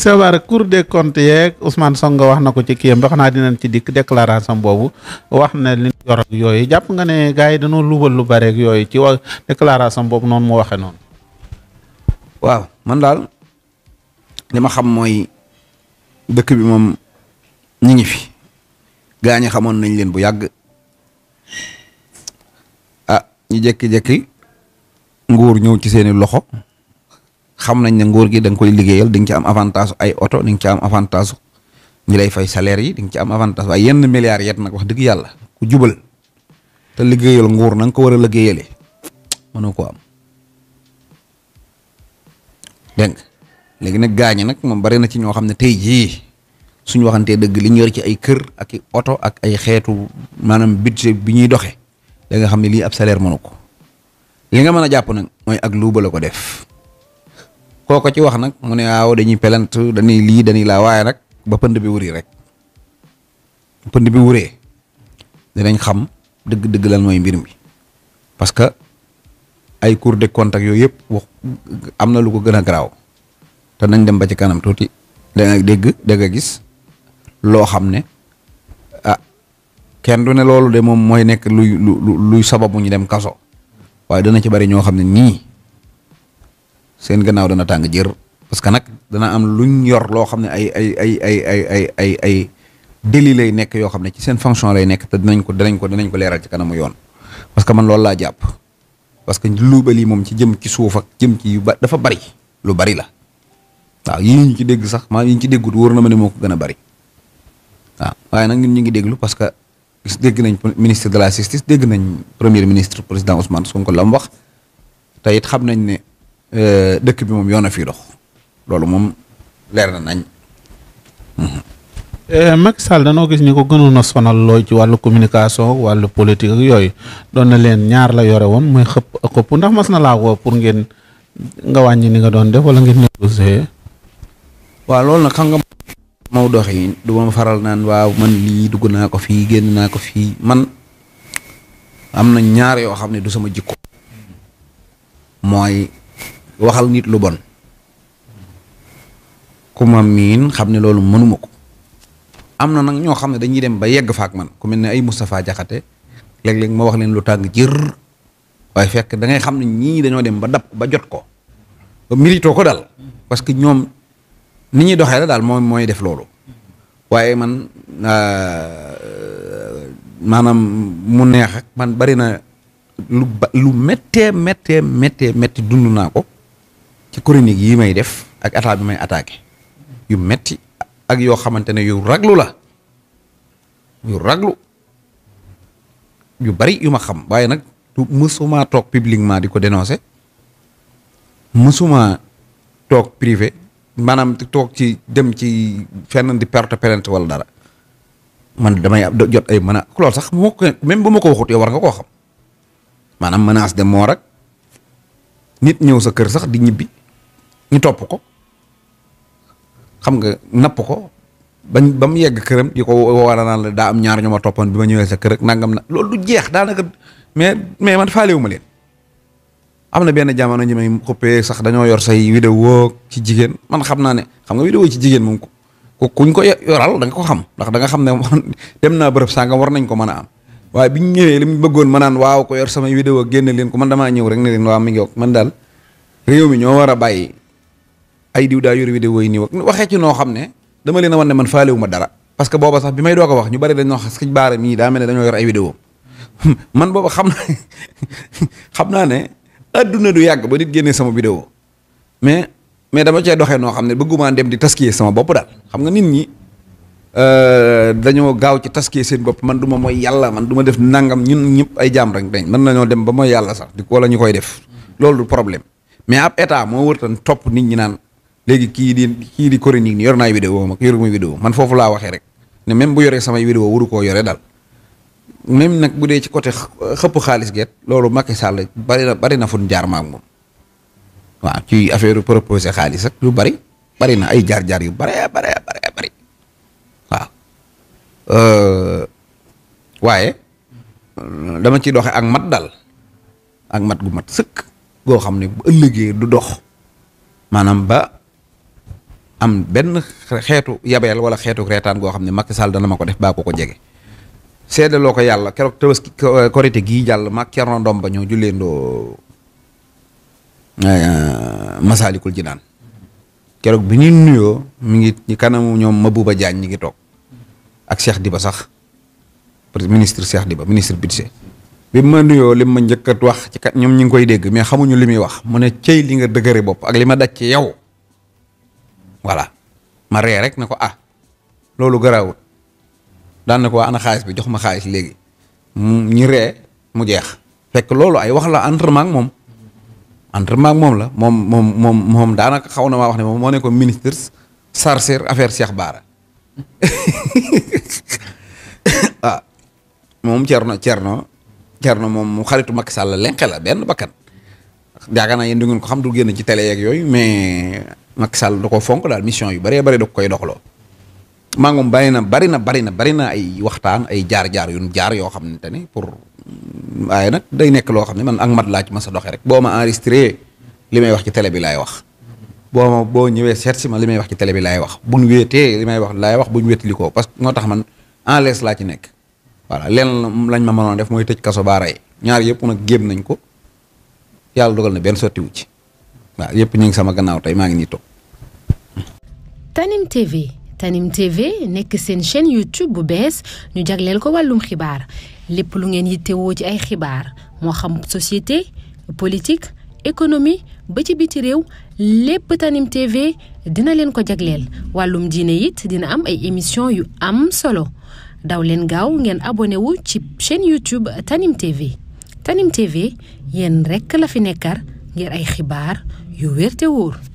sewar cour des comptes yek Ousmane songo wax na ko ci kiyam ba xana dinañ ci dik déclaration bobu wax na li yor ak yoy japp nga né gaay dañu dañoo lu bare ak yoy ci déclaration bobu non mo waxé non waaw man dal lima xam moy dëkk bi mom ñi ngi fi gaañu xamoon nañ leen bu yagg ah ñu jekki-jekki nguur ñew ci seeni loxo xam nañ ne nguur gi da nga koy liggéeyal di nga ci am avantage ay oto di nga am avantage ñi lay fay salaire yi di nga am avantage waaye yenn milliards yet nag wax dëgg yàlla ku jubal te liggéeyal nguur na nga ko war a liggéeyale mënoo ko am dégg nga léegi nag gaañi nag moom bari na ci ñoo xam ne tey jii suñu waxantee dëgg li ñu yor ci ay kër ak i oto ak ay xeetu maanaam budget bi ñuy doxe danga xam ne lii ab salaire mënu ko li nga mën a jàpp nag mooy ak luuba ko def koko ci wax nak mune ne waaw dañuy pelantu dañuy li dañuy la way nak ba pënd bi wuri rek pënd bi wuré dinañ xam deug deug lan moy mbir mi parce que ay kur de compte ak yoyep wax am lu ko gëna graw té nañ dem ba ci kanam tuti, da nga deug da nga gis lo xamné ah kenn du ne loolu de mom moy nek luy luy sababu ñu dem kaso waaye dana ci bari ño xam ne seen gannaaw dana tang jeer parce que nak dana am luñ yor lo xamne ay ay ay ay ay ay ay ay deli lay nek yo xamne ci seen fonction lay nek te dinañ ko dinañ ko dinañ ko leral ci kanamu yoon parce que man lool la japp parce que luubal yi moom ci jëm ci suuf ak jëm ci yu ba dafa bari lu bari la waaw yi ñu ci dégg sax ma yi ñu ci déggut wóor na ma ni moko gëna a bari waaw waye nak ñun ñu ngi déglu parce que dégg nañ ministre de la justice dégg nañ premier ministre président Ousmane Sonko lam wax tayit it xam nañ ne. Euh, dëkk bi moom yoon a fii dox loolu moom leer na nañ. Euh, Macky Sall danoo gis ñi ko gënoon a sonal looy ci wàllu communication wàllu politique ak yooyu doon na leen ñaar la yore woon mooy xëpp ak xëpp ndax mas na laa ko pour ngeen nga wàññi ni nga doon def wala ngeen négocier. waaw loolu nag xam nga moo dox yi du ma faral naan waaw man lii dugg naa ko fii génn naa ko fii man am na ñaar yoo xam ne du sama jikko mooy waxal nit lu bon ku ma miin xam ne loolu mënuma ko am na nag ñoo xam ne dañuy dem ba yegg faak man ku mel ne ay Moustapha Jaxate léeg-léeg ma wax leen lu tàng jër waaye fekk da ngay xam ne ñii dañoo dem ba dab ba jot ko ba ko daal parce que ñoom ni ñuy doxee la daal moom mooy def loolu waaye man euh, maanaam mu neex ak man bari na lu ba lu méttee méttee métti dund naa ko ci chronique yi may def ak état bi may attaquer yu metti ak yo xamantene yu raglu la yu raglu yu bari yu ma xam waye nak du tok toog publiquement di dénoncer musuma tok privé manam tok ci dem ci fenn di perte plainte wala dara man damay jot ay mana a loolu sax même bu ko waxut yow war nga ko xam manam menace de mort nit ñew sa kër sax di ñibbi ñu topp ko xam nga napp ko bañ ba mu yegg këram di ko war a naan la daa am ñaar ñu ma toppoon bi ma ñëwee sa kër nangam na loolu du jeex daanaka mais mais man faalewu ma leen am na benn jamono ñi may xuppee sax dañoo yor say vidéo ci jigéen man xam naa ne xam nga vidéo ci jigéen moom ko ku ko yoral da nga xam ndax da nga xam ne dem naa bërëb sàngam war nañ ko mën am waaye bi ñu ñëwee li mu bëggoon ma naan waaw ko yor samay vidéo génne leen ko man damaa ñëw rek ne leen waaw mi ngi man daal réew mi ñoo war a bàyyi ay diw da yor vidéo ni nii wax waxe ci no xamne ne dama leena wone wan ne man faalewu ma dara parce que boba sax bi may do ko wax ñu bari dañoo no xij baara mi da mel ne yor ay vidéo man boba xamna xamna ne aduna du yag ba nit gene sama vidéo mais mais dama ci doxé no xamne ne bëgguma dem di taskiyee sama bop dal xam nga nit ñi euh, dañu gaaw ci taskiyee seen bop man du moy yalla man du def nangam ñun ñep ay jam rek dañ man nañoo dem ba moy yalla sax di ko ñu koy def loolu du problème mais ab état mo wërtan top nit ñi nan legi kii di ki di chronique ni yor naa video ma yor muy video man foofu laa waxee rek ne même bu yoree samay video wuro koo yore dal même nag bu dee ci côté xëpp xaalis geet loolu Macky Sall bari na bari na fu jaar maak moom waaw ci affaire proposé xaalis ak lu bari bari na ay jar jar yu a bari a bari waaw euh, waaye dama ciy doxe ak mat dal ak mat gu mat sëkk go xam bu ëllëgee du dox manam ba am ben xeetu yabel wala xeetu reetaan go xam Macky Sall dana mako def ba ko ko jege seedaloo ko yàlla keroog korité gi gii jàll mag ndom ba ñoo julleendoo eh, eh, masalikul jinan kérok bi ñuy nuyoo mi ngi ci kanam ñom Mabouba Diagne ñi ngi tok ak Cheikh Diba sax ministre Cheikh Diba ministre budget bi ma nuyo lim ma ñëkkat wax ci ñom ñi ngi koy dégg mais xamuñu limi wax mu ne cey li nga dëgëré bop ak lima dacc yow voilà ma ree rek ne ko ah loolu garaawut daan na ko waa ana xaalis bi jox ma xaalis léegi mu ñu ree mu jeex fekk loolu ay wax la entre ak moom entre ak moom la moom moom moom moom daanaka xaw na maa wax ne moom moo nekkoon ministre chargé affaire Cheikh Bara ah moom Thierno Thierno Thierno moom mu xaritu Macky Sall lenqe la benn bakkan yaakaar naa yéen du ngeen ko xam du génn ci télé yeeg yooyu mais Macky Sall da ko fonk daal mission yu bëree bëri da koy doxaloo maa ngi bari na bari na bari na bari na ay waxtaan ay jaar-jaar yu jaar yoo xam ne ni pour mm, waaye nag day nekk loo xam ne man ak mat laa ma sa doxee rek boo ma enregistré li may wax ci télé bi laay wax. boo ma boo ñëwee seet ma li may wax ci télé bi laay wax bu wéetee li may wax laay wax bu ñu ko parce que moo tax man en laisse laa ci nekk. voilà lenn lañ ma mënoon def mooy tëj kaso baa ñaar yëpp nag géem nañ ko yàlla dogal na benn sottiwu ci. sama gannaaw ngi Tanim TV Tanim TV nekk seen chaîne YouTube bu bees ñu jagleel ko wàllum xibaar lépp lu ngeen ci ay xibaar moo xam société politique économie ba ci biti réew Tanim TV dina leen ko jagleel wàllum diine it dina am ay émission yu am solo daw leen gaaw ngeen abonné wu ci chaîne YouTube Tanim TV Tanim TV yéen rek la fi nekkar ngir ay xibaar. yu wér te wóor